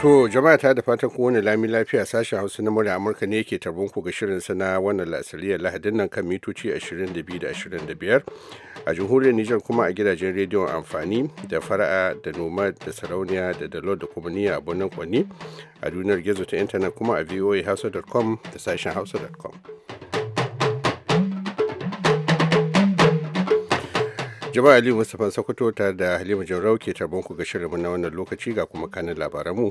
To jama'a ta da fatan kowane lami lafiya sashen hausa na murya Amurka ne yake tarbon ku ga shirin sana wannan la'asariyar lahadin nan kan mitoci 22 da 25 a jamhuriyar Nijar kuma a gidajen rediyon amfani da fara'a da noma da sarauniya da dalo da kuma niyya a birnin kwanni a duniyar gizo ta intanet kuma a voahausa.com da sashen hausa.com. Jama'a ali Mustapha Sokoto tare da Halima Jaurau ke tarbon ku ga shirinmu na wannan lokaci ga kuma kanin mu.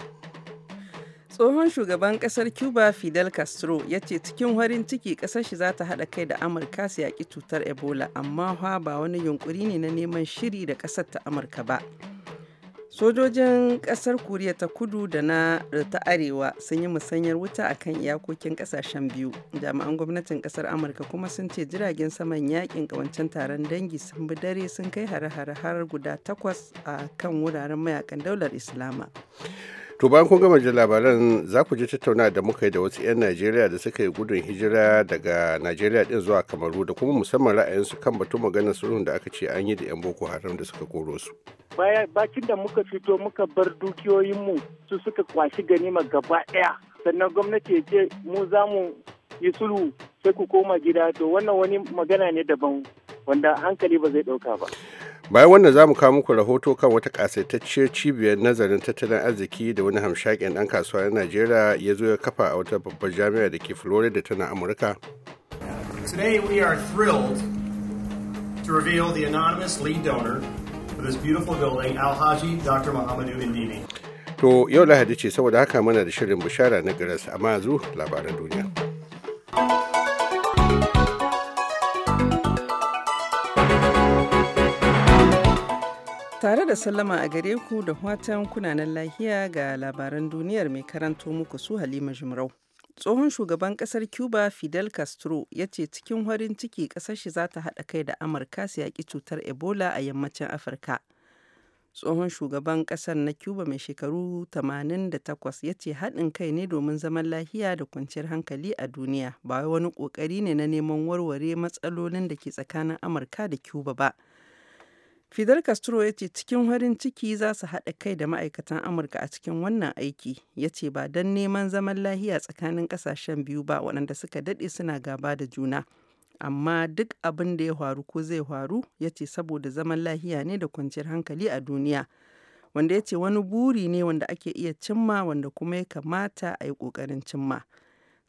Tsohon shugaban kasar Cuba Fidel Castro ya ce cikin farin ciki kasar shi za ta haɗa kai da Amurka su yaƙi cutar Ebola amma ba wani yunƙuri ne na neman shiri da ƙasar ta Amurka ba. sojojin kasar koriya ta kudu da na ta arewa sun yi musanyar wuta a kan iyakokin kasashen biyu jami'an gwamnatin kasar amurka kuma sun ce jiragen saman yakin kawancin taron dangi sun bi dare sun kai hare-hare har guda takwas a kan wuraren mayakan daular islama To bayan kun gama jin labaran za ku ji tattauna da muka yi da wasu 'yan Najeriya da suka yi gudun hijira daga Najeriya din zuwa Kamaru da kuma musamman ra'ayinsu kan batun maganar sulhun da aka ce an yi da 'yan Boko Haram da suka koro su. Bakin da muka fito muka bar dukiyoyinmu su suka kwashi ganima gaba ɗaya sannan gwamnati ya ce mu za mu yi sulhu sai ku koma gida to wannan wani magana ne daban wanda hankali ba zai ɗauka ba. bayan wannan za mu kawo muku rahoto kan wata kasaitacciyar cibiyar nazarin tattalin arziki da wani hamshakin ɗan kasuwa na najeriya ya zo ya kafa a wata babbar jami'a da ke florida tana amurka today we are thrilled to reveal the anonymous lead donor for this beautiful building alhaji dr muhammadu to yau lahadi ce saboda haka mana da shirin bishara na garas amma zu labaran duniya da sallama a gare ku da watan kunanan lahiya ga labaran duniyar mai karanto muku su Halima jimrau Tsohon shugaban kasar Cuba Fidel Castro ya ce cikin warin ciki kasar shi za ta haɗa kai da Amurka su yaƙi cutar Ebola a yammacin Afirka. Tsohon shugaban kasar na Cuba mai shekaru 88 ya ce haɗin kai ne domin zaman lahiya da kwanciyar hankali a duniya ba wani ƙoƙari ne na neman warware matsalolin da ke tsakanin Amurka da Cuba ba. Fidel Castro ya ce cikin harin ciki za su haɗa kai da ma'aikatan Amurka a cikin wannan aiki, ya ce ba don neman zaman lahiya tsakanin ƙasashen biyu ba waɗanda suka daɗe suna gaba da juna. Amma duk abin da ya faru ko zai faru, ya ce saboda zaman lahiya ne da kwanciyar hankali a duniya. Wanda ya ce wani buri ne wanda ake iya cimma wanda kuma ya kamata a yi ƙoƙarin cimma.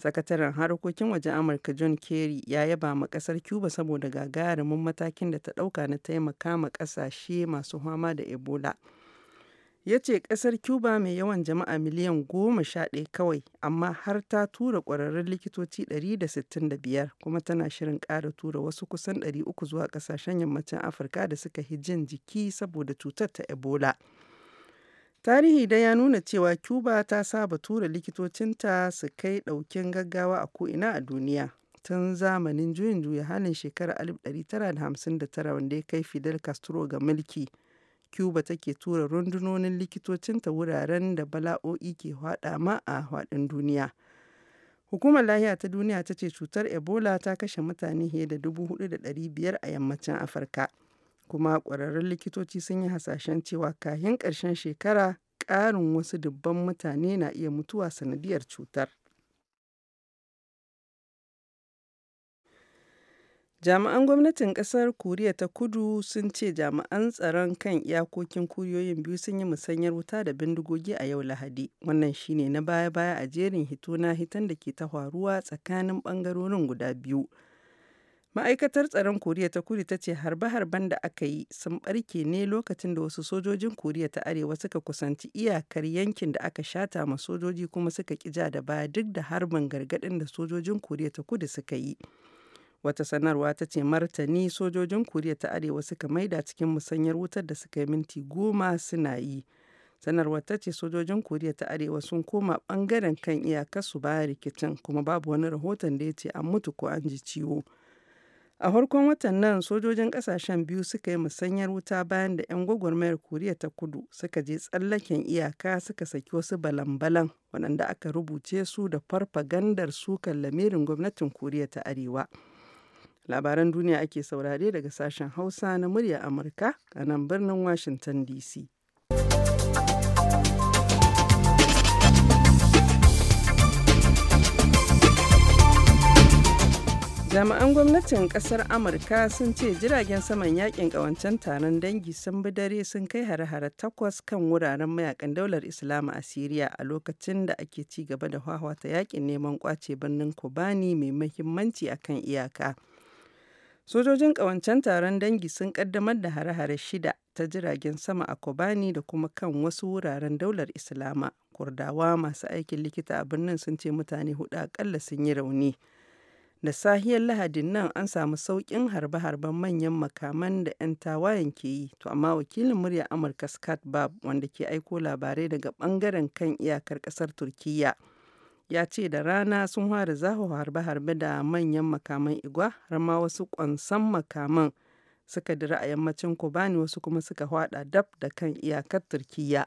Sakataren harkokin wajen Amurka John Kerry ya yaba ma kasar Cuba saboda gagarumin matakin da ta dauka na taimaka ma kasashe masu fama da Ebola. Ya ce kasar Cuba mai yawan jama'a miliyan goma sha ɗaya kawai, amma har ta tura ƙwararrun likitoci 165 kuma tana shirin ƙara tura wasu kusan 300 zuwa kasashen yammacin Afirka da suka hi jin jiki saboda cutar ta Ebola. Tarihi da ya nuna cewa Cuba ta saba tura likitocinta su kai ɗaukin gaggawa a ko'ina a duniya, tun zamanin juyin juya halin shekarar 1959 wanda ya kai Fidel Castro ga mulki, Cuba take tura rundunonin likitocinta wuraren da bala'o'i ke ma a haɗin duniya. Hukumar Lahiya ta Duniya ta ce cutar Ebola ta kashe mutane fiye da 4,500 a Yammacin Afirka. Kuma ƙwararrun likitoci sun yi hasashen cewa kahin ƙarshen shekara ƙarin wasu dubban mutane na iya mutuwa sanadiyar cutar. Jami'an gwamnatin kasar Koriya ta Kudu sun ce jami'an tsaron kan iyakokin kuriyoyin biyu sun yi musanyar wuta da bindigogi a yau Lahadi. Wannan shine na baya-baya a jerin hitona hitan da ke ta faruwa tsakanin bangarorin guda biyu. Ma'aikatar tsaron Koriya ta Kudu ta ce harbe-harben da aka yi sun ɓarke ne lokacin da wasu sojojin Koriya ta Arewa suka kusanci iyakar yankin da aka shata ma sojoji kuma suka kija ja da baya duk da harbin gargaɗin da sojojin Koriya ta Kudu suka yi. Wata sanarwa ta ce martani sojojin Koriya ta Arewa suka maida cikin musanyar wutar da suka yi minti goma suna yi. sanarwa ta ce sojojin koriya ta arewa sun koma bangaren kan iyakarsu baya rikicin kuma babu wani rahoton da ya ce an mutu ko an ji ciwo A farkon watan nan, sojojin kasashen biyu suka yi musanyar wuta bayan da 'yan gwagwarmayar Koriya ta Kudu suka je tsallaken iyaka suka saki wasu balan-balan waɗanda aka rubuce su da farfagandar sukan lamirin gwamnatin Koriya ta Arewa. Labaran duniya ake saurare daga sashen Hausa na murya Amurka a nan birnin Washington DC. jami'an gwamnatin kasar amurka sun ce jiragen saman yakin kawancen taron dangi sun bi dare sun kai hare-hare takwas kan wuraren mayakan daular islamu a siriya a lokacin da ake ci gaba da ta yakin neman kwace birnin kobani mai muhimmanci akan iyaka sojojin kawancen taron dangi sun kaddamar da hare-hare shida ta jiragen sama a kobani da kuma kan wasu wuraren daular islama kurdawa masu aikin likita a birnin sun ce mutane hudu akalla sun yi rauni Da sahiyar Lahadin nan an samu sauƙin harbe-harben manyan makaman da 'yan tawayen ke yi, to amma wakilin muryar Amurka Scott bab wanda ke aiko labarai daga ɓangaren kan iyakar ƙasar Turkiyya ya ce da rana sun fara zaho harbe-harbe da manyan makaman igwa har ma wasu ƙwansan makaman suka dira a yammacin Kobani wasu kuma suka hwada dab da kan iyakar Turkiyya.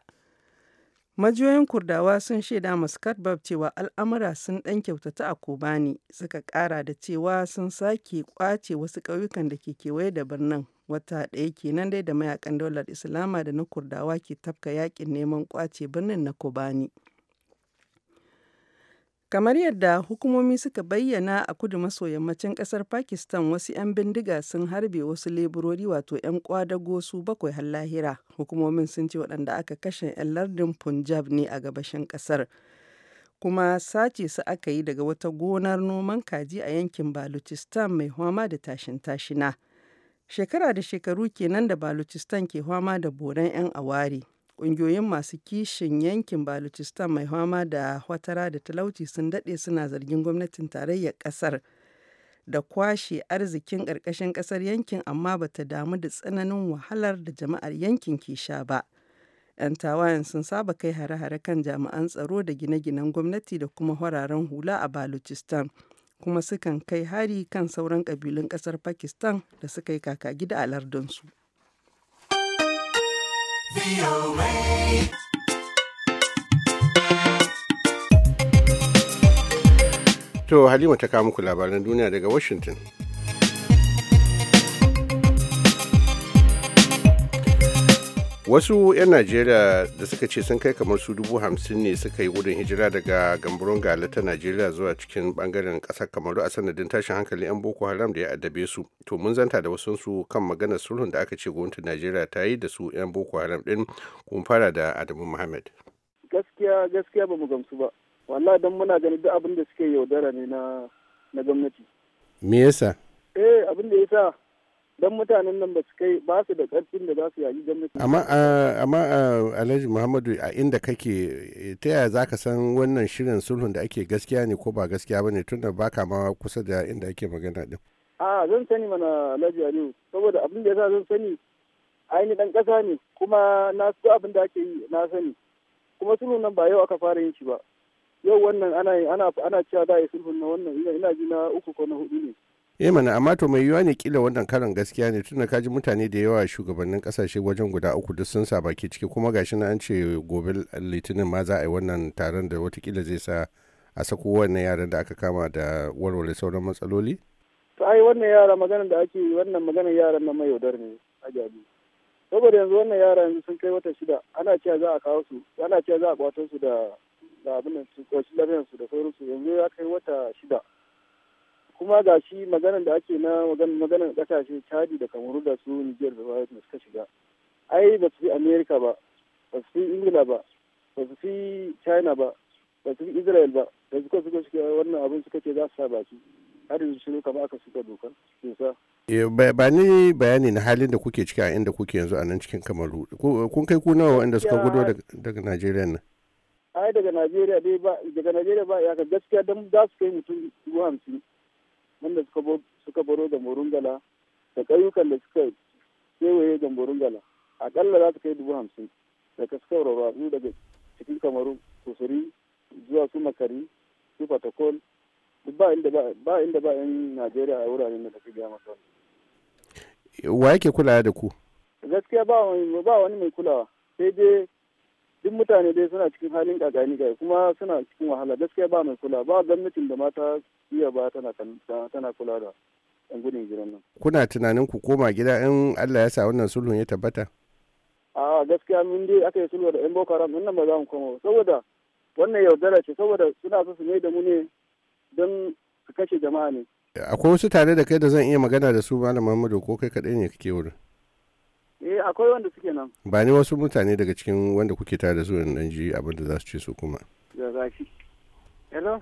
Majiyoyin Kurdawa sun shaida muskat bab cewa al'amura sun ɗan kyautata a Kobani, suka kara da cewa sun sake ƙwace wasu ƙauyukan da ke kewaye da birnin, wata ɗaya kenan dai da mayakan daular Islama da na Kurdawa ke tafka yakin neman kwace birnin na Kobani. Kamar yadda hukumomi suka bayyana a kudu maso yammacin kasar Pakistan wasu 'yan bindiga sun harbe wasu leburori wato 'yan kwadago su bakwai har lahira. Hukumomin sun ce waɗanda aka kashe 'yan lardin Punjab ne a gabashin kasar Kuma sace su aka yi daga wata gonar noman kaji a yankin Baluchistan mai hama da tashin tashina. Shekara da shekaru kenan da Baluchistan ke hama da boran 'yan awari. Ƙungiyoyin masu kishin yankin Baluchistan mai fama da watara da talauci sun dade suna zargin gwamnatin tarayyar ƙasar da kwashe arzikin ƙarƙashin ƙasar yankin amma bata damu da tsananin wahalar da jama'ar yankin ke sha ba. 'Yan tawayen sun saba kai hare-hare kan jami'an tsaro da gine-ginen gwamnati da kuma hararen hula a Baluchistan, kuma sukan kai hari kan sauran ƙabilun ƙasar Pakistan da suka yi kaka gida a lardunsu. To Halima ta kawo muku labaran duniya daga Washington. wasu 'yan najeriya da suka ce sun kai kamar su dubu hamsin ne suka yi gudun hijira daga gamburon gala ta najeriya zuwa cikin bangaren kasar kamaru a sanadin tashin hankalin 'yan boko haram da ya addabe su to mun zanta da wasu su kan maganar sulhun da aka ce gwamnatin najeriya ta yi da su 'yan boko haram din kumfara da adamu muhammad gaskiya gaskiya ba mu gamsu ba wallahi dan muna ganin duk abin da suke yaudara ne na na gwamnati me yasa eh abin da yasa don mutanen nan ba su kai ba su da karfin da za su yayi gwamnati amma eh, amma eh, Alhaji Muhammadu a inda kake ta yaya za ka san wannan shirin sulhun da ake gaskiya ne ko ba gaskiya ba bane tunda baka ma kusa da inda ake magana din a zan sani mana Alhaji Aliyu saboda abin da yasa zan sani ainihin dan kasa ne kuma na su abin da ake yi na sani kuma sulhun nan ba yau aka fara yin shi ba yau wannan ana ana ana cewa yi sulhun na wannan ina ji na uku ko na hudu ne eh mana amma to mai yiwuwa ne kila wannan karin gaskiya ne tunda kaji mutane da yawa shugabannin kasashe wajen guda uku duk sun sa baki ciki kuma gashi na an ce gobe litinin ma za a yi wannan taron da watakila zai sa a sako wannan yaran da aka kama da warware sauran matsaloli to ai wannan yara maganar da ake wannan maganar yaran na mai yaudar ne a jabi saboda yanzu wannan yara yanzu sun kai wata shida ana cewa za a kawo su ana cewa za a kwato su da da abin da su koshin lafiyar su da sauransu yanzu ya kai wata shida kuma ga shi maganar da ake na maganar kasashe chadi da kamaru da su niger da da suka shiga ai ba su fi america ba ba su fi ingila ba ba su fi china ba ba su fi israel ba da suka suka shiga wannan abin suka ce za su sa baki har yanzu shiru kamar aka suka dokar sa eh, ba ni bayani na halin da kuke ciki a inda kuke yanzu a nan cikin kamaru kun kai ku nawa inda suka gudo daga najeriya nan ai daga najeriya dai ba daga najeriya ba ya ka gaskiya don za su kai mutum dubu hamsin wanda suka baro da murungala da ƙauyukan da suka kewaye murungala aƙalla za su kai dubu hamsin daga suka rarrazu daga cikin kamaru kusuri zuwa su makari su fatakol ba inda ba yan najeriya a wuraren da tafi gama masa wa yake kulawa da ku gaskiya ba wani mai kulawa sai dai duk mutane dai suna cikin halin gagani ga kuma suna cikin wahala gaskiya ba mai kula ba gwamnatin da mata iya ba tana kula da yan gudun gidan nan kuna tunanin ku koma gida in Allah ya sa wannan sulhun ya tabbata a gaskiya mun dai aka yi sulhu da yan boko haram nan ba za mu koma saboda wannan yaudara ce saboda suna so su mai da mu ne don su kashe jama'a ne akwai wasu tare da kai da zan iya magana da su malam Muhammadu ko kai kaɗai ne kake wurin akwai wanda suke nan ba ne wasu mutane daga cikin wanda kuke tare da su in ji abin da za su ce su kuma ya zaki hello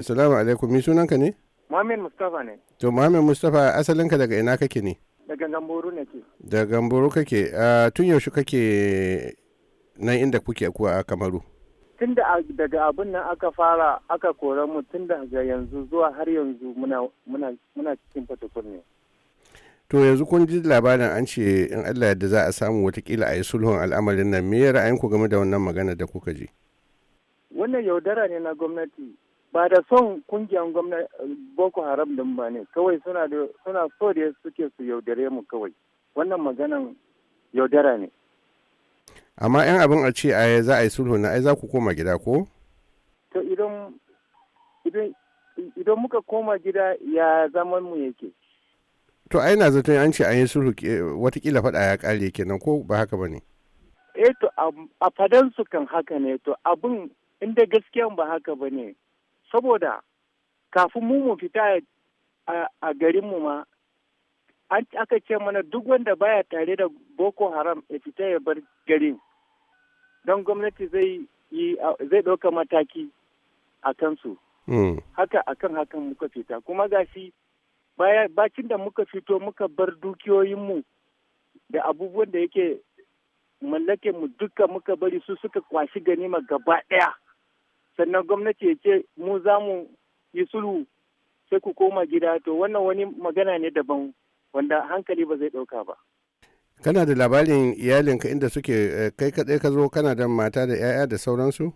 salamu alaikum mi sunanka ne Muhammad Mustafa ne to Muhammad Mustafa asalinka daga ina kake ne daga Gamboru nake daga Gamboru kake tun yaushe kake nan inda kuke kuwa a Kamaru tun da daga abin nan aka fara aka kora mu tun daga yanzu zuwa har yanzu muna cikin fatakur ne to yanzu kun ji labarin an ce in allah da za a samu watakila a yi sulhun al'amarin nan me ra'ayinku game da wannan magana da kuka ji wannan yaudara ne na gwamnati ba da son kungiyar boko haram din ba ne kawai suna suna so da suke su yaudare mu kawai wannan maganan yaudara ne amma yan abin a ce a za a yi sulhu na ai za ku koma gida ko to idan idan muka koma gida ya zaman mu yake to ai na zaton an ce an yi sulhu eh, watakila faɗa ya ƙare kenan ko ba haka ba ne eh to a fadan su kan haka ne to abin inda gaskiya ba haka ba ne saboda kafin mu mu fita a garin mu ma an aka ce mana duk wanda baya tare da boko haram ya fita ya bar garin don gwamnati zai yi zai ɗauka mataki a kansu hmm. haka akan hakan muka fita kuma gashi bakin da muka fito muka bar dukiyoyinmu da abubuwan da yake mallake mu duka muka bari su suka kwashi ganima gaba ɗaya sannan gwamnati ya ce mu za mu yi sulhu sai ku koma gida to wannan wani magana ne daban wanda hankali ba zai ɗauka ba. kana da labarin iyalinka inda suke eh, kai kaɗai ka zo kana da mata da 'ya'ya da sauransu?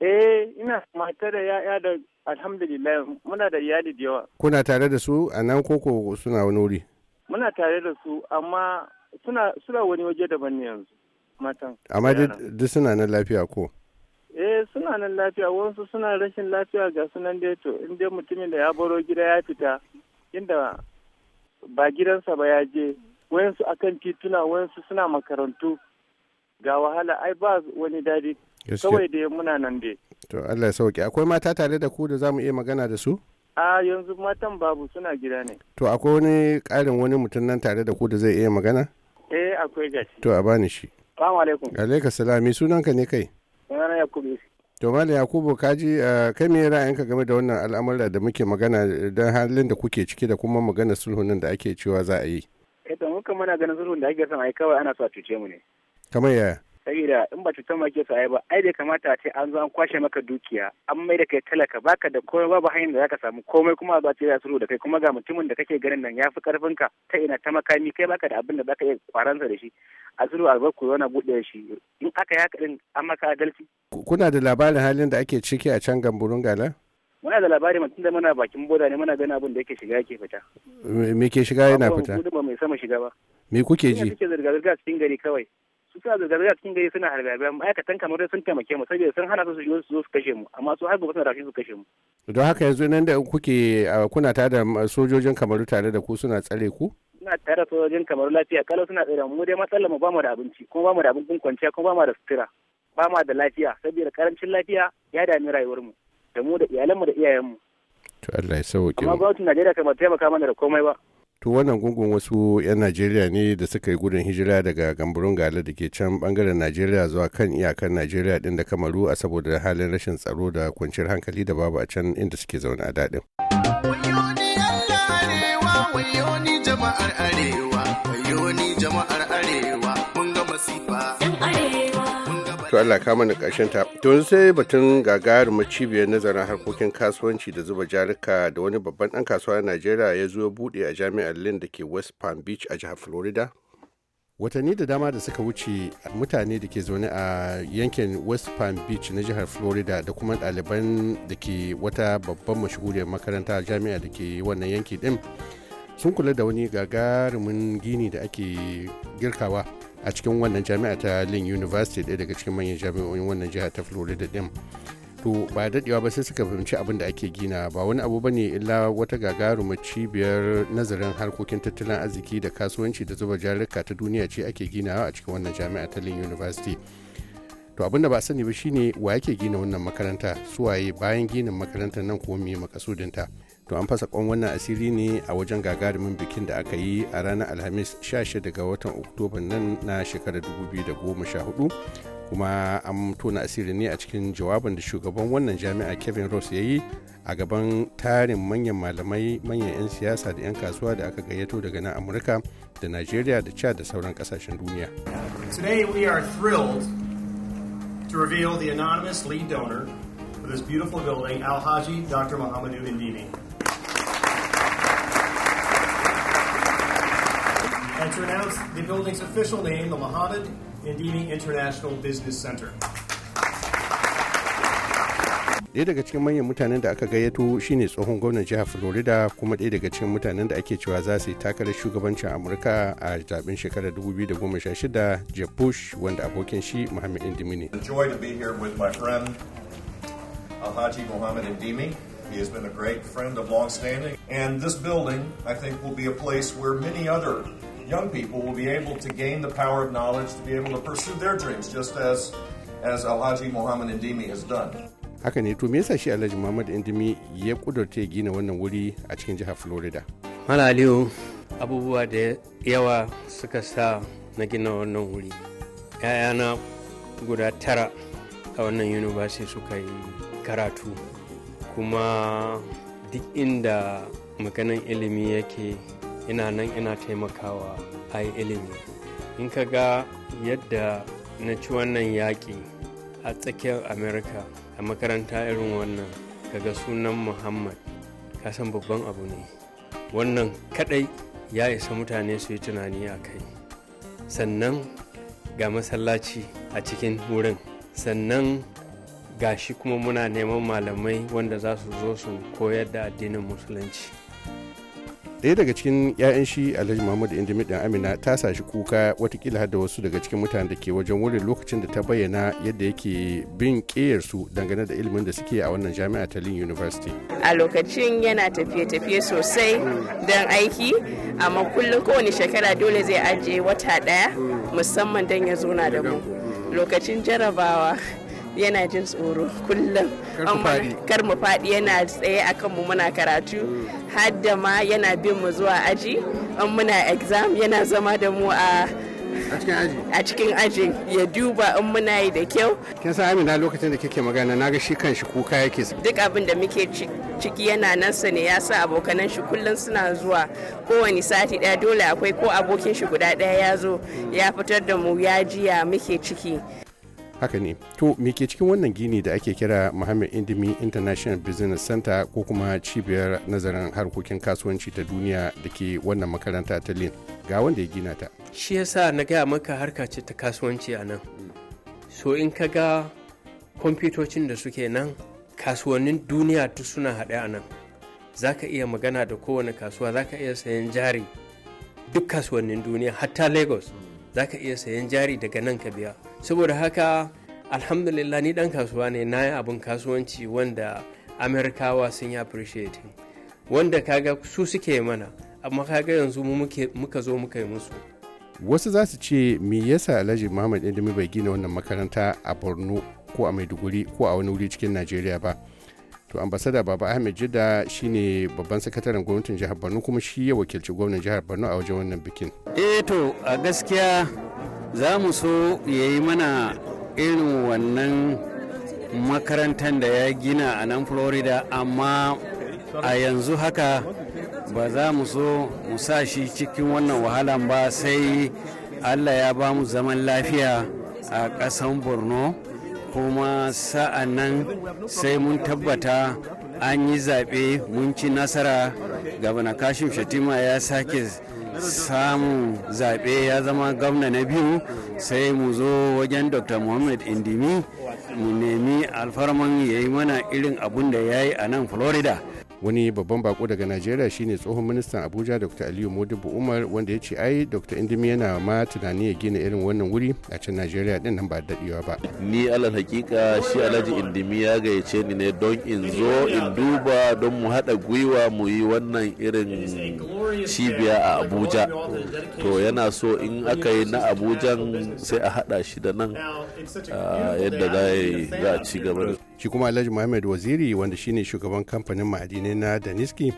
eh ina mata da 'ya'ya da alhamdulillah muna da iyali da yawa kuna tare da su a nan koko suna wani wuri muna tare da su amma suna suna wani waje daban ne yanzu matan amma duk suna nan lafiya ko eh suna nan lafiya wasu suna rashin lafiya ga sunan dai to in dai mutumin da ya baro gida ya fita inda ba gidansa ba ya je wayansu akan tituna wayansu suna makarantu ga wahala ai ba wani dadi kawai dai muna nan dai to Allah sauki akwai mata tare da ku da za mu iya magana da su a yanzu matan babu suna gida ne to akwai wani ƙarin wani mutum nan tare da ku da zai iya magana eh akwai gashi to a bani shi salamu alaikum alaikum sunan sunanka ne kai sunana yakubu to mali yakubu kaji kai me ra'ayinka game da wannan al'amura da muke magana don halin da kuke ciki da kuma magana sulhunin da ake cewa za a yi eh to muka mana ganin sulhun da ake son ai kawai ana so a cuce mu ne kamar yaya saboda in ba cutar make su ai ba ai bai kamata a ce an zo an kwashe maka dukiya an mai da kai talaka baka da komai babu hanyar da zaka samu komai kuma ba ce za da kai kuma ga mutumin da kake ganin nan yafi karfin ka ta ina ta makami kai baka da abin da zaka iya kwaransa da shi a zuru albarku yana buɗe shi in aka yi haka din an maka adalci. kuna da labarin halin da ake ciki a can gamburun gala. muna da labari mutum da muna bakin boda ne muna gani abin da yake shiga yake fita. me ke shiga yana fita. ba mai sama shiga ba. me kuke ji. kuke zirga-zirga cikin gari kawai. suna da gargajiya cikin gari suna harbe ma'aikatan kamar sun taimake mu saboda sun hana su su zo su kashe mu amma su har gobe suna rafi su kashe mu. don haka yanzu nan da kuke kuna tare da sojojin kamaru tare da ku suna tsare ku. suna tare da sojojin kamaru lafiya kala suna tsare mu dai matsalar mu ba mu da abinci kuma ba mu da abincin kwanciya kuma ba mu da sutura ba mu da lafiya saboda karancin lafiya ya dami rayuwar mu da mu da mu da iyayenmu. to Allah ya sauke mu. amma gwamnatin Najeriya kamar taimaka mana da komai ba. to wannan gungun wasu 'yan najeriya ne da suka yi gudun hijira daga gamburun gala da ke can bangaren najeriya zuwa kan iyakar najeriya din da kamaru a saboda halin rashin tsaro da kwanciyar hankali da babu a can inda suke zaune a daɗin jama'ar jama'ar arewa Allah kama da ƙarshen ta to sai batun gagarumar cibiyar nazarin harkokin kasuwanci da zuba jarika da wani babban ɗan kasuwa a Najeriya ya zo buɗe a jami'ar lin da ke West Palm Beach a jihar Florida watanni da dama da suka wuce mutane da ke zaune a yankin west palm beach na jihar florida da kuma ɗaliban da ke wata babban mashahuriyar makaranta jami'a da ke wannan yanki ɗin sun kula da wani gagarumin gini da ake girkawa a cikin wannan jami'a ta lin university ɗaya daga cikin manyan jami'o'in wannan jiha ta florida ɗin to ba daɗewa ba sai suka fahimci abin da ake gina ba wani abu bane illa wata gagaruma cibiyar nazarin harkokin tattalin arziki da kasuwanci da zuba jarirka ta duniya ce ake gina a cikin wannan jami'a ta lin university to abin da ba sani ba shine wa yake gina wannan makaranta su waye bayan ginin makarantar nan ko me makasudinta to an fasa kwan wannan asiri ne a wajen gagarumin bikin da aka yi a ranar alhamis 16 ga watan oktoba nan na shekarar 2014 kuma an tona asiri ne a cikin jawabin da shugaban wannan jami'a kevin ross ya yi a gaban tarin manyan malamai manyan 'yan siyasa da 'yan kasuwa da aka gayyato daga nan amurka da nigeria da chad da sauran kasashen duniya today we are thrilled to reveal the anonymous lead donor for this beautiful building, Al Haji Dr. Mohamedou Indini. And to announce the building's official name, the Mohammed Indini International Business Center. ɗaya daga cikin manyan mutanen da aka gayyato shine tsohon gwamnan jihar florida kuma ɗaya daga cikin mutanen da ake cewa za su yi takarar shugabancin amurka a zaben shekarar 2016 jeb bush wanda abokin shi muhammad indimi ne Alhaji Muhammad Indimi. He has been a great friend of long standing. And this building, I think, will be a place where many other young people will be able to gain the power of knowledge to be able to pursue their dreams, just as, as Alhaji Muhammad Indimi has done. Haka ne, to me yasa shi Alhaji Muhammad Indimi ya kudurta gina wannan wuri a cikin jihar Florida? Malaliyo Aliyu, abubuwa da yawa suka sa na gina wannan wuri. ‘Ya'yana guda tara a wannan university suka yi karatu kuma duk inda maganin ilimi yake ina nan ina taimakawa a yi ilimi in ka ga yadda na ci wannan yaƙi a tsakiyar amerika a makaranta irin wannan kaga sunan muhammad kasan babban abu ne wannan kadai ya isa mutane su yi tunani a kai sannan ga masallaci a cikin wurin sannan gashi kuma muna neman malamai wanda za su zo su koyar da addinin musulunci daya daga cikin 'ya'yan shi alhaji muhammadu indimi ɗan amina ta sashi kuka watakila har da wasu daga cikin mutanen da ke wajen wurin lokacin da ta bayyana yadda yake bin su dangane da ilimin da suke a wannan jami'a ta lin university a lokacin yana tafiye-tafiye sosai don aiki amma kullum kowane shekara dole zai ajiye wata ɗaya musamman don ya zo na da mu lokacin jarabawa yana jin tsoro kullum kar mu faɗi yana tsaye a kanmu muna karatu hadda ma yana bin mu zuwa aji an muna exam yana zama da mu a a cikin aji ya duba in muna yi da kyau kin san amina lokacin da kike magana na ga shi kan shi kuka yake duk abin da muke ciki yana nan sa ne ya sa abokanan shi kullum suna zuwa kowane sati daya dole akwai ko abokin shi guda daya ya zo ya fitar da mu ya jiya muke ciki haka ne to me ke cikin wannan gini da ake kira muhammad indimi international business center ko kuma cibiyar nazarin harkokin kasuwanci ta duniya da ke wannan makaranta ta lin ga wanda ya gina ta shi yasa na gaya maka harka ce ta kasuwanci a nan hmm. so in ka ga kwamfutocin da suke nan kasuwannin duniya duk suna haɗe a nan za ka iya magana da kowane kasuwa za ka iya sayan jari duk kasuwannin duniya hatta lagos hmm. za ka iya sayan jari daga nan ka biya saboda haka alhamdulillah ni dan kasuwa ne na yi abin kasuwanci wanda amerikawa sun yi appreciate wanda kaga su suke mana amma kaga yanzu muka zo muka yi musu wasu za su ce me yasa alhaji muhammad indimi bai gina wannan makaranta a borno ko a maiduguri ko a wani wuri cikin najeriya ba to ambasada baba ahmed jidda shine babban sakataren gwamnatin jihar borno kuma shi ya wakilci gwamnan jihar borno a wajen wannan bikin eh to a gaskiya za mu so ya yi mana irin wannan makarantar da ya gina a nan florida amma a yanzu haka ba za mu so mu sa shi cikin wannan wahalan ba sai allah ya ba mu zaman lafiya a ƙasan borno kuma sa'an nan sai mun tabbata an yi zaɓe mun ci nasara gabana kashim shatima ya sake samun zaɓe ya zama gwamna na biyu sai mu zo wajen dr Mohammed indimi mu nemi alfarman ya yi mana irin abun da ya yi a nan florida wani babban bako daga najeriya shine tsohon ministan abuja dr aliyu modibu umar wanda ya ce ai dr indimi yana ma tunani ya gina irin wannan wuri a can najeriya din nan ba daɗewa ba ni alal hakika shi alhaji indimi ya gayyace ni ne don in zo in duba don mu haɗa gwiwa mu yi wannan irin cibiya a abuja to yana so in aka yi na abuja sai a haɗa shi da nan yadda za a ci gaba da shi kuma alhaji muhammad waziri wanda shine shugaban kamfanin ma'adinai na daniski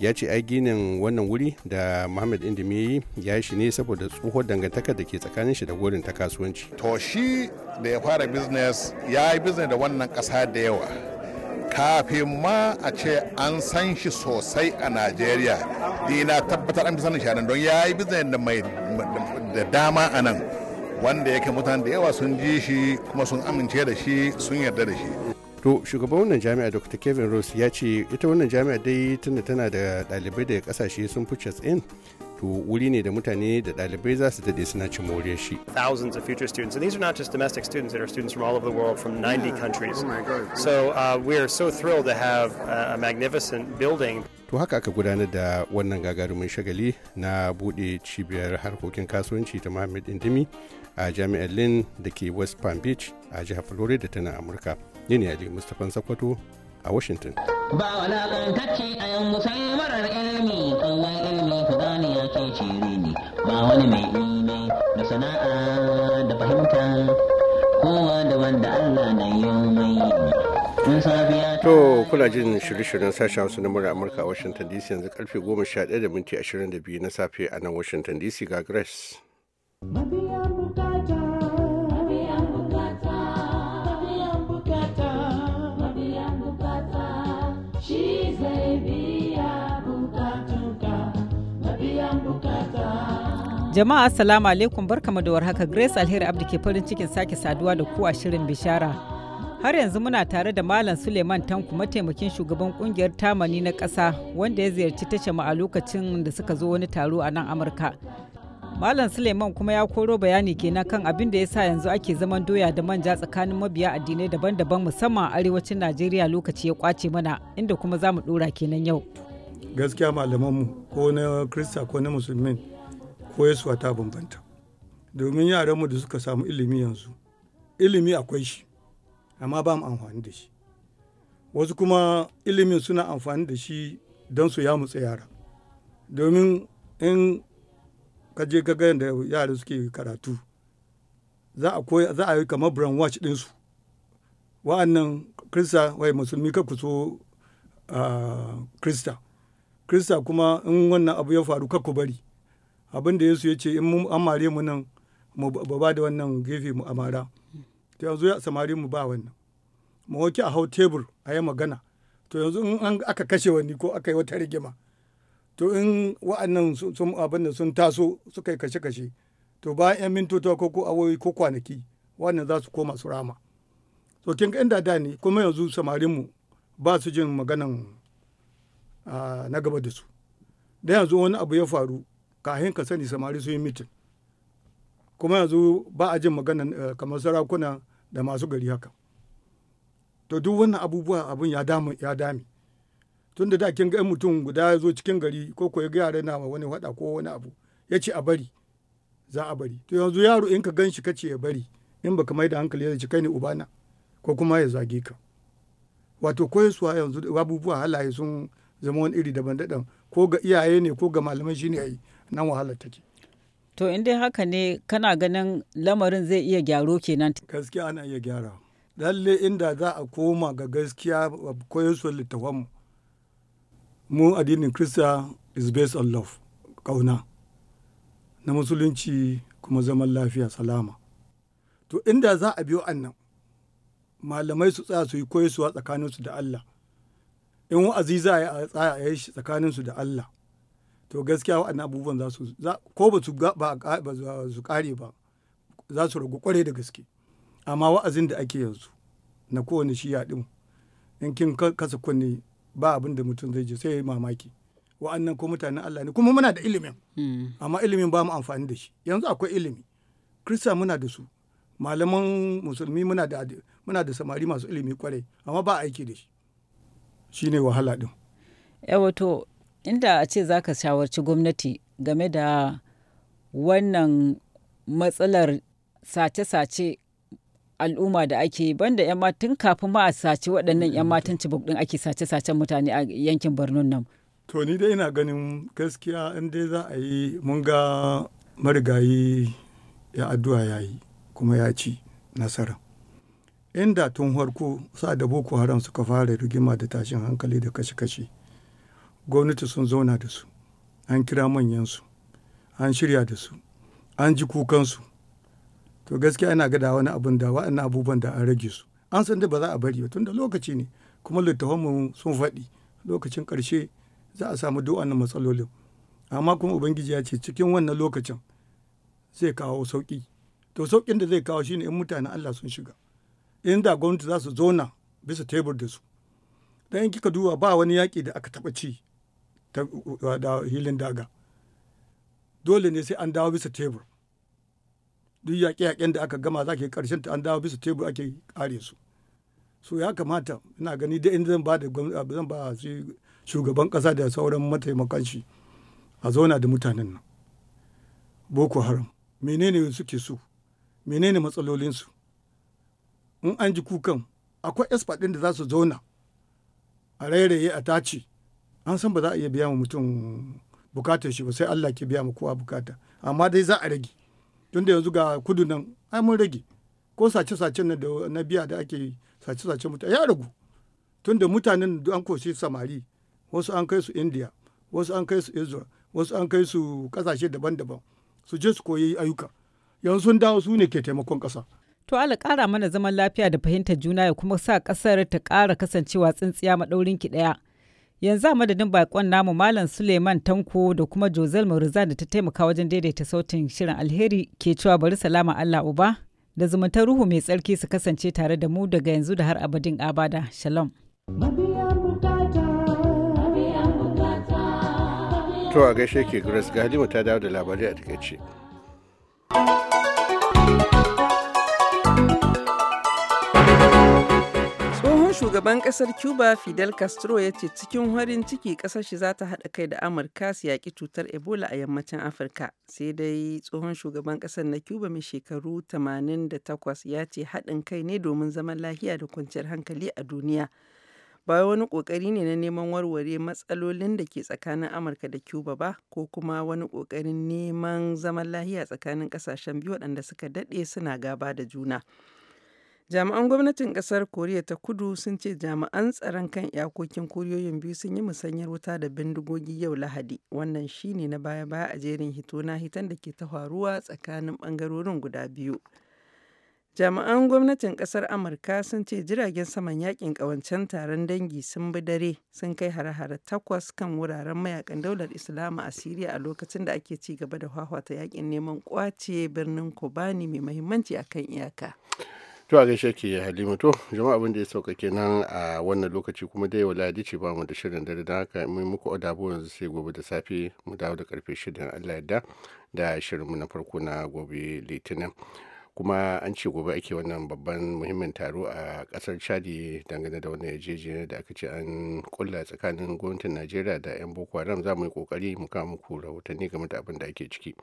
ya ce ai ginin wannan wuri da muhammad indimi yi ya shi ne saboda tsohon dangantaka da ke tsakanin shi da gurin ta kasuwanci to shi da ya fara business ya yi business da wannan kasa da yawa kafin ma a ce an san shi sosai a najeriya ina tabbatar an fi sanin shi don ya yi business da mai da dama a nan wanda yake mutane da yawa sun ji shi kuma sun amince da shi sun yarda da shi to shugaban wannan jami'a dr kevin rose ya ce ita wannan jami'a dai tunda tana da ɗalibai daga kasashe sun fi in to wuri ne da mutane da ɗalibai za su daɗe suna cin more shi. Thousands of future students, and these are not just domestic students, that are students from all over the world, from 90 countries. Oh so uh, we are so thrilled to have uh, a magnificent building. To haka aka gudanar da wannan gagarumin shagali na buɗe cibiyar harkokin kasuwanci ta Mohammed Indimi a jami'ar Lynn da ke West Palm Beach a jihar Florida ta na Amurka. ni ne ajiyar Mustapha Sakwato a Washington. Ba walakantacce a yan sai marar ilimi Allah ilimi ku ya ke ciri ne ba wani mai ilimi da sana'a da fahimta kowa da wanda Allah na yi mai. To kuna jin shirye-shiryen sashen wasu na murar Amurka a Washington DC yanzu karfe 11:22 na safe a nan Washington DC ga Grace. Jama'a assalamu alaikum barkamu da warhaka Grace Alheri Abdi ke farin cikin sake saduwa da ku a shirin bishara. Har yanzu muna tare da Malam Suleiman Tanku mataimakin shugaban kungiyar Tamani na kasa wanda ya ziyarci mu a lokacin da suka zo wani taro a nan Amurka. Malam Suleiman kuma ya koro bayani kenan kan abin da ya sa yanzu ake zaman doya da manja tsakanin mabiya addinai daban-daban musamman a arewacin Najeriya lokaci ya kwace mana inda kuma za mu dora kenan yau. Gaskiya malamanmu ko na Kirista ko na Musulmin koyarsuwa ta bambanta domin yaranmu da suka samu ilimi yanzu ilimi akwai shi amma ba mu amfani da shi wasu kuma ilimin suna amfani da shi don su yamutsa yara domin in ka je ga da yara suke karatu za a za a yi kamar din su wa'annan krista wai musulmi ka kuso ah, krista krista kuma in wannan abu ya faru ka ku bari abin da yesu ya ce in mun amare mu nan mu ba da wannan gefe mu amara to yanzu ya samari mu ba wannan mu hoki a hau tebur a yi magana to yanzu in an aka kashe wani ko aka yi wata rigima to in wa'annan sun abin da sun taso suka yi kashe-kashe to ba 'yan mintoto ko ko awoyi ko kwanaki wannan za su koma su rama to kin ga inda da ne kuma yanzu mu ba su jin maganan ah, na gaba da su da yanzu wani abu ya faru kahin ka sani samari sun yi mitin kuma yanzu ba a jin magana eh, kamar sarakuna da masu gari haka to duk wannan abubuwa abin ya dami ya dami tun da kin ga mutum guda ya zo cikin gari ko ko ya ga yara na wani hada ko wani abu ya ce a bari za a bari to yanzu yaro in ka gan shi kace ya bari in baka mai da hankali ya ci kai ne ubana ko kuma ya zage ka wato koyarwa yanzu abubuwa halaye sun zama wani iri daban-daban ko ga iyaye ne ko ga malamai shine ai nan wahalar take to in dai haka ne kana ganin lamarin zai iya gyaro kenan gaskiya ana iya gyara lalle inda za a koma ga gaskiya su littafanmu mu addinin krista is based on love kauna na musulunci kuma zaman lafiya salama to inda za a biyo annan malamai su tsaya su yi tsakanin tsakaninsu da allah in wa'azi za a tsaya a yi shi tsakaninsu da allah to gaskiya waɗannan abubuwan za su ko ba su kare ba za su ragu kwarai da gaske amma wa'azin da ake yanzu na kowane ya din in kin kasa kunne ba abin da mutum zai je sai ya yi mamaki wa'annan ko mutanen Allah ne kuma muna da ilimin hmm. amma ilimin ba mu amfani da shi yanzu akwai ilimi krista muna da su malaman musulmi muna da samari masu ilimi kwarai amma ba aiki da shi shine wahala din yawa inda a ce za ka shawarci gwamnati game da wannan matsalar sace-sace al'umma da ake banda 'yan matan kafin ma a sace waɗannan 'yan matan cibok ɗin ake sace-sacen mutane a yankin birnin nan. To ni dai ina ganin gaskiya in dai za a yi mun ga marigayi ya addu'a ya yi kuma ya ci nasara. Inda tun harko sa da Boko Haram suka fara rigima da tashin hankali da kashe-kashe. gwamnati sun zauna da su an kira manyansu an shirya da su an ji kukansu to gaskiya ana gada wani abin da wa'annan abubuwan da an rage su an san da ba za a bari ba tunda lokaci ne kuma littafanmu sun faɗi lokacin ƙarshe za a samu duk wannan matsalolin amma kuma ubangiji ya ce cikin wannan lokacin zai kawo sauƙi to sauƙin da zai kawo shine in mutanen Allah sun shiga in da gwamnati za su zauna bisa tebur da su dan in kika duba ba wani yaƙi da aka taɓa ci ta hilin daga dole ne sai an dawo bisa tebur duk yaƙe-yaƙen da aka gama za ka yi ƙarshen ta an dawo bisa tebur ake ƙare su so ya kamata ina gani da inda zan ba da zan ba shugaban ƙasa da sauran mataimakan shi a zauna da mutanen nan boko haram menene suke so menene matsalolinsu in an ji kukan akwai expert ɗin da za su zauna a rairaye a tace an san ba za a iya biya ma mutum bukatar shi ba sai Allah ke biya ma kowa bukata amma dai za a rage tun da yanzu ga kudu nan ai mun rage ko sace-sace na da na biya da ake sace-sace mutane ya ragu tun da mutanen an koshi samari wasu an kai su India wasu an kai su Israel wasu an kai su kasashe daban-daban su je su koyi ayyuka yanzu sun dawo su ne ke taimakon kasa To ala kara mana zaman lafiya da fahimtar juna ya kuma sa kasar ta kara kasancewa tsintsiya maɗaurin ki ɗaya. yanzu a madadin bakon namu malam suleiman tanko da kuma jozel mauriza da ta taimaka wajen daidaita sautin shirin alheri ke cewa bari salama allah uba da zumuntar ruhu mai tsarki su kasance tare da mu daga yanzu da har abadin abada shalom to a gaishe ke grace galiba ta dawo da labarai a takaice shugaban kasar Cuba Fidel Castro ya ce cikin harin ciki kasar shi za ta haɗa kai da Amurka su yaki cutar Ebola a yammacin Afirka. Sai dai tsohon shugaban kasar na Cuba mai shekaru 88 ya ce haɗin kai ne domin zaman lafiya da kwanciyar hankali a duniya. Ba wani kokari ne na neman warware matsalolin da ke tsakanin Amurka da Cuba ba, ko kuma wani kokarin neman zaman lahiya tsakanin ƙasashen biyu waɗanda suka daɗe suna gaba da juna. Jami'an gwamnatin kasar Koriya ta Kudu sun ce jami'an tsaron kan iyakokin Koriyoyin biyu sun yi musanyar wuta da bindigogi yau Lahadi. Wannan shine na baya-baya a jerin hito na hitan da ke ta faruwa tsakanin bangarorin guda biyu. Jami'an gwamnatin kasar Amurka sun ce jiragen saman yakin kawancen taron dangi sun bi dare sun kai hare-hare takwas kan wuraren mayakan daular islamu a Siriya a lokacin da ake ci gaba da hwahwata yakin neman kwace birnin Kobani mai mahimmanci akan iyaka. to a gaishe ke halima to jama'a abin da ya sauka kenan a wannan lokaci kuma dai wala ce ba mu da shirin dare da haka mai muku odabo yanzu sai gobe da safe mu dawo da karfe shidan Allah yadda da shirin mu na farko na gobe litinin kuma an ce gobe ake wannan babban muhimmin taro a kasar chadi dangane da wannan yarjejeniya da aka ce an kulla tsakanin gwamnatin najeriya da 'yan boko haram za mu yi kokari mu kawo muku rahotanni game da abin da ake ciki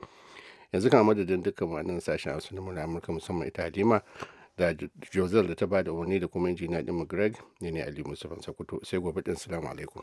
yanzu kama madadin dukkan wannan sashen hausa na amurka musamman ita halima da josel da ta bada umarni da kuma injiniya din greg ne ne ali musamman sai gobe din salamu alaikum